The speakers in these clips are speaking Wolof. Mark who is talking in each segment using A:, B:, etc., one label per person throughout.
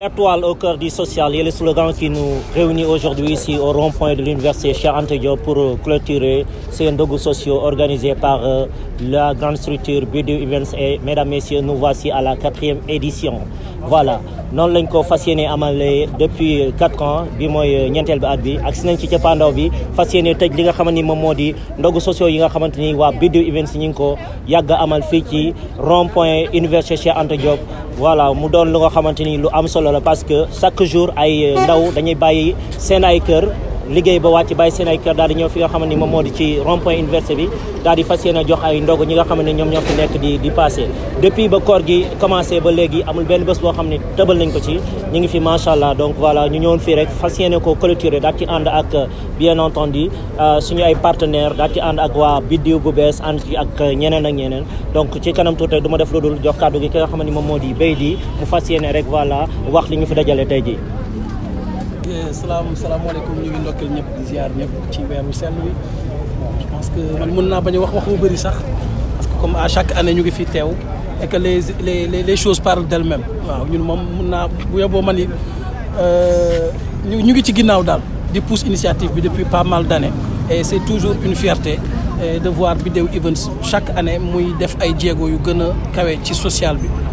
A: Étoile au cœur du social et le slogan qui nous réunit aujourd'hui ici au rond-point de l'université Charente Diop pour clôturer ces ndogu sociaux organisés par euh, la grande structure BD Events. Et mesdames, messieurs, nous voici à la quatrième édition. Voilà. nous lañ ko fas depuis quatre ans bi mooy ñeenteel bi at bi ak si nañ ci cappaandaw bi fas yéene tëj li nga socio ni moom ndogu sociaux yi nga xamanteni wa BD Events ñu ngi ko amal fi ci rond point université Cheikh Diop. voilà mu doon lu nga xamante lu loola parce que chaque jour ay euh, ndaw dañuy bàyyi seen ay cœur liggey ba wàcc bay sen ay kër daal di ñew fi nga xam mom modi ci rond point université bi daal di fasiyena jox ay ndogu ñi nga xam ñom ñoom nekk di di passer depuis ba koor gi commencé ba légui amul benn bëss bo xamni tebal nañ ko ci ñi ngi fi macha allah donc voilà ñu ñewon fi rek fasiyena ko clôturer daal ci and ak bien entendu euh, suñu ay partenaire daal ci and ak wa biddiw bu bes and ci ak ñeneen ak ñeneen donc ci kanam tout rek duma def lu dul jox kàddu gi ki nga xam mom modi moo di mu fasiyena rek voilà wax li ñu fi dajalé tay ji
B: Euh, salam, salam alaykoum ñu ngi ndokkeel ñep di ziar ñep ci weeru sell wi bon je pense que man mën naa bañ wax wax bu bëri sax parce que comme à chaque année ñu ngi fi teew et que les les les choses parlent d'elles-mêmes waaw ñun mom mën bu yeboo man euh ñu ngi ci ginnaw dal di pousse initiative bi depuis pas mal d'années et c'est toujours une fierté euh, de voir Bidew Events chaque année muy def ay jéego yu gëna kawé ci social bi.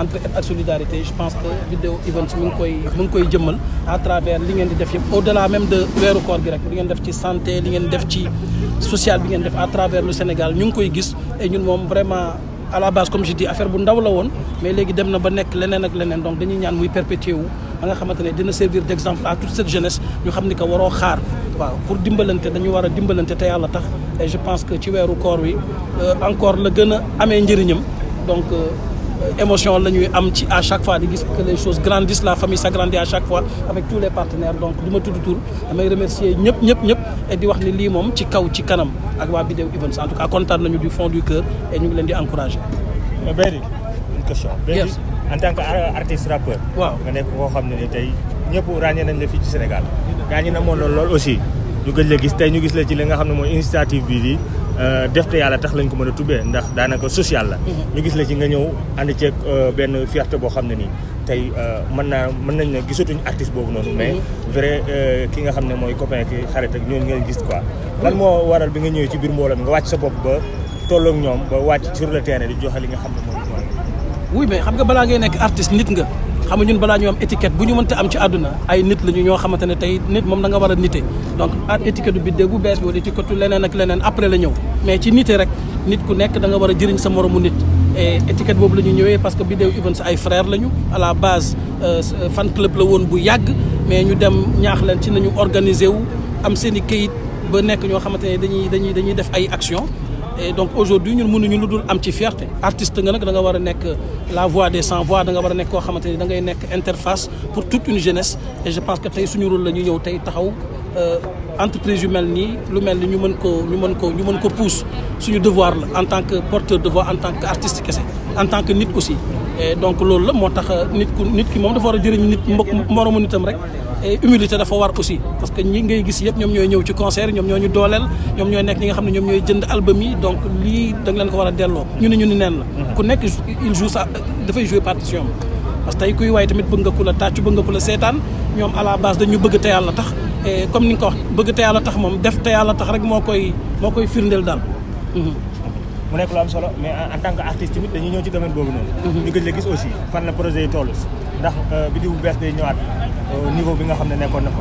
B: entraide ak solidarité je pense que vidéo events mu ngi koy mu ngi koy jëmmal à travers li ngeen di def yëpp au delà même de weeru koor gi rek li ngeen def ci santé li ngeen def ci social bi ngeen def à travers le Sénégal ñu ngi koy gis et ñun moom vraiment à la base comme je dis affaire bu ndaw la woon mais léegi dem na ba nekk leneen ak leneen donc dañuy ñaan muy perpétuer wu ba nga xamante ne dina servir d'exemple à toute cette jeunesse ñu xam ni que waroo xaar waaw pour dimbalante dañu war a dimbalante te yàlla tax et je pense que ci weeru koor wi euh, encore la gën a amee njëriñam donc euh, euh, émotion la am ci à chaque fois que les choses grandissent la famille s'agrandit à chaque fois avec tous les partenaires donc du tout tour Je damay remercier ñep ñep ñëpp et di wax ni li mom ci kaw ci kanam
C: ak wa Bidew Events en tout cas kontaan nañu du fond du cœur et ñu ngi leen di encourager. Béri une question. Béri en tant que artiste rappeur. waaw nga nek ko xamné ne ni tey ñëpp ràññee nañ la fi ci Sénégal. ràññee na mo lool aussi ñu gëj la gis tay ñu gis la ci li nga xamné moy initiative bi di. Euh, def te yàlla tax lañ ko mën a tube ndax daanaka social la. Mhm. ñu gis la ci nga ñëw ànd ceeg euh, benn fierté boo xam ne nii tey euh, mën naa mën nañ ne gisatuñ artiste boobu noonu. mais mhm. vrai ki nga xam ne mooy copain ki xarit ak ñooñu ngeen gis quoi. lan moo waral bi nga ñëwee ci biir mbooloo mi nga wàcc sa bopp ba tolloo ak ñoom ba wàcc sur le terrain di joxe li nga xam ne moom mooy.
B: oui mais xam nga balaa ngay nekk artiste nit nga. xam nga balaa ñu am étiquette bu ñu mënta am ci àdduna ay nit la ñoo xamante ne tey nit moom da nga war a nite donc at étiquette bi dégg bu bees bi wala étiquette leneen ak leneen après la ñëw mais ci nite rek nit ku nekk danga nga war a jëriñ sa moromu nit et étiquette boobu la ñu ñëwee parce que Biddew Events ay frère lañu à la base euh, fan club la woon bu yàgg mais ñu dem ñaax leen ci nañu organiser wu am seen i këyit ba nekk ñoo xamante ne dañuy dañuy dañuy def ay action et donc aujourd'hui ñun mënuñu lu dul am ci fierté artiste nga nak da nga wara nek euh, la voix des sans voix da nga wara nek ko xamanteni da ngay nek interface pour toute une jeunesse et je pense que tay suñu rôle la ñu ñëw tay taxaw euh, entreprise yu mel nii lu mel ni ñu mën ko ñu mën ko ñu mën ko pousse suñu devoir la en tant que porteur de voix en tant que artiste kessé en tant que nit aussi et donc loolu la moo tax euh, nit ku nit ki moom dafa war a jëriñ nit mbokk moromu nitam rek et humilité dafa war aussi parce que ñi ngay gis yépp ñoom ñooy ñëw ci concert ñoom ñoo ñu dooleel ñoom ñooy nekk ñi nga xam ne ñoom ñooy jënd album yi donc lii da leen ko war a delloo ñu ne ñu ni neen la mhm. ku nekk il joue ça dafay jouer partition parce que tey kuy waay tamit bëgg nga ku la tàccu bëgg nga ku la seetaan ñoom à la base dañu bëgg te yàlla tax et comme ni nga ko wax bëgg te yàlla tax moom def te yàlla tax rek moo koy moo koy
C: firndeel daal mhm. mu nekk lu am solo mais en tant que artiste tamit dañuy ñëw ci domaine boobu noonu mhm. ñu gëj la gis aussi fan la projet yi toll ndax biddew euh, bu bees ñëwaat euh, niveau bi nga xamné ne na ko.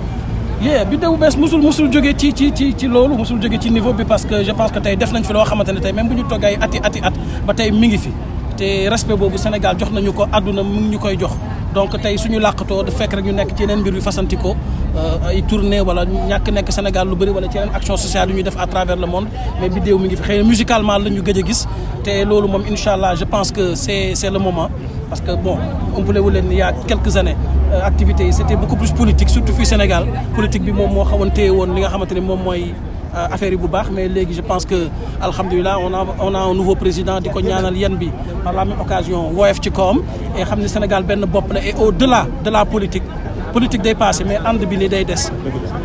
B: yee biddew bu bees musul musul jóge ci ci ci ci musul joggé ci niveau bi parce que je pense que tay def nañ fi lo xamante tay même buñu ñu toggee ati ati at ba tay mi ngi fi té respect bobu Sénégal jox nañu ko aduna mu ngi ñu jox donc tay suñu làqatoo da fekk rek ñu nekk ci yeneen mbir yu fasantikoo euh, ay tournée wala ñak nekk Sénégal lu bari wala ci yeneen action sociale ñu def à travers le monde mais vidéo mi ngi fi xëy musicalement la ñu gëj gis té lolu mom inshallah je pense que c'est c'est le moment parce que bon on wu leen il y a quelques années euh, activités c'était beaucoup plus politique surtout fi Sénégal politique bi mom mo xawon téewon li nga xamanteni mom moy euh, affaire yi bu baax mais légui je pense que alhamdoulillah on a on a un nouveau président diko ñaanal yan bi par la même occasion woyef ci kawam et xam Sénégal Ben bop la et au delà de la politique politique day passé mais and bi ni day des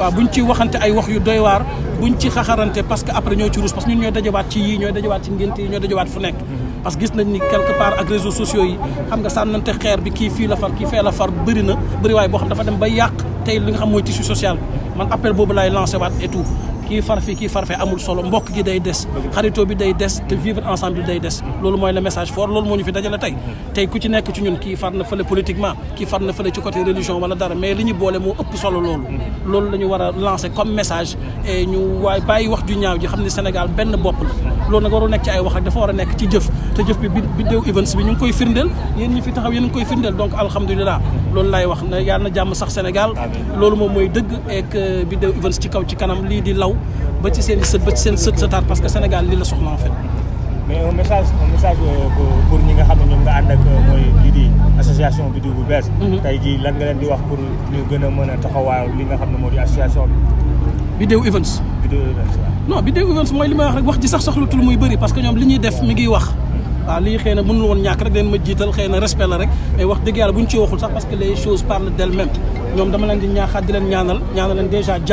B: wa buñ ci waxante ay wax yu doy war buñ ci xaxarante parce que après ñoo ci rouss parce que ñun ñoy dajewat ci yi ñoy dajewat ci ngénte yi ñooy dajawaat fu nek parce que gis nañ ni quelque part ak réseaux sociaux yi xam nga sànnante xeer bi kii fii la far kii fee la far bëri na bëri waay boo xam dafa dem ba yàq tey li nga xam mooy tissu social man appel boobu laay lancé waat et tout kii far fi kii far fe amul solo mbokk gi day des xaritoo bi day des te vivre ensemble day des loolu mooy le message fort loolu moo ñu fi dajale tey tey ku ci nekk ci ñun kii far na fële politiquement kii far na fële ci côté religion wala dara mais li ñu boole moo ëpp solo loolu loolu la ñu war a lancer comme message et ñu waay bàyyi wax ju ñaaw ji xam ne Sénégal benn bopp la loolu nag warul nekk ci ay wax ak dafa war a nekk ci jëf te jëf bi Biddew Events bi ñu ngi koy firndeel yéen ñi fi taxaw yéen ngi koy firndeel donc alhamdulilah loolu laay wax na yàlla na jàmm sax Sénégal loolu moom mooy dëgg et que Biddew Events ci kaw ci kanam lii di law ba ci seen sët ba ci seen sët sëtaat
C: parce que Sénégal li la soxla en fait. mais un message message euh, pour ñi nga xam ne ñoom nga ànd ak euh, mooy lii di association Biddew bu bees. Mhm. tey jii lan nga leen di wax pour ñu gën a mën a taxawaayu li nga xam ne moo di association bi. Biddew Events. Biddew Events waaw.
B: non Biddew Events mooy li may wax rek wax ji sax soxlatul muy bëri parce que ñoom li ñuy def mi ngi wax. waaw lii xëy na mënul woon ñàkk rek leen ma jiital xëy na respect la rek mais wax dëgg yàlla bu que les choses parlent d'elles-mêmes ñoom dama leen di ñaaxaat di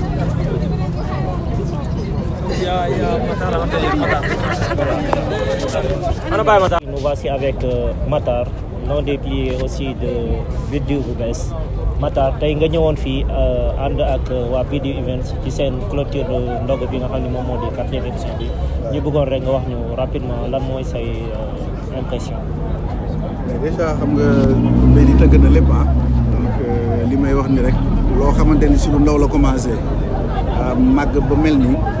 C: Iya, iya,
A: Nous voici avec uh, Matar, non déplié aussi de Bidiou Boubès. Matar tey nga ñëwoon fii uh, ànd ak uh, waa Bidiou Events ci seen clôture de Ndogo nga Hani Momo de 4 di quatrième édition bi ñu bëggoon rek nga wax ñu rapidement lan mooy say impression.
D: déjà xam nga mbay di tëgg na lépp ah donc euh, li may wax ni rek loo xamante ni si lu ndaw la commencé euh, màgg ba mel nii.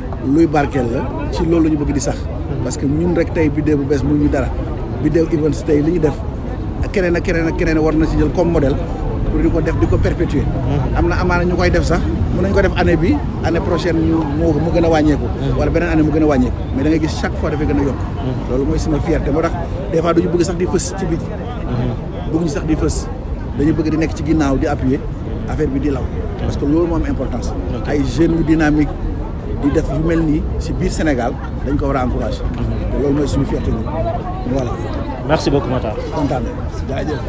D: luy barkel la ci loolu ñu bëgg di sax parce que ñun rek tey bi bu bees mu ñu dara bi biddew events tey li ñu def keneen ak keneen ak keneen war na ci jël comme model pour di ko def di ko perpétuer mm-hmm. am na amaana ñu koy def sax mën nañ ko def année bi année prochaine ñu mo mu gëna a wàññeeku mm-hmm. wala benen année mu gëna a mais da ngay gis chaque fois dafa gëna yok yokk mm-hmm. loolu mooy sama fierté mo tax des fois duñu bëgg sax di fess ci biti bëgguñu sax di fess dañu bëgg di nekk ci ginnaw di appuyer affaire bi di law parce que loolu mo am importance ay jeunes yu dynamique di def yu mel nii si biir Sénégal dañ ko war a encouragé te loolu mooy suñu fierté ni voilà merci beaucoup Matar
C: kontaan jaajëf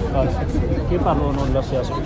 C: kii parle au nom de l'association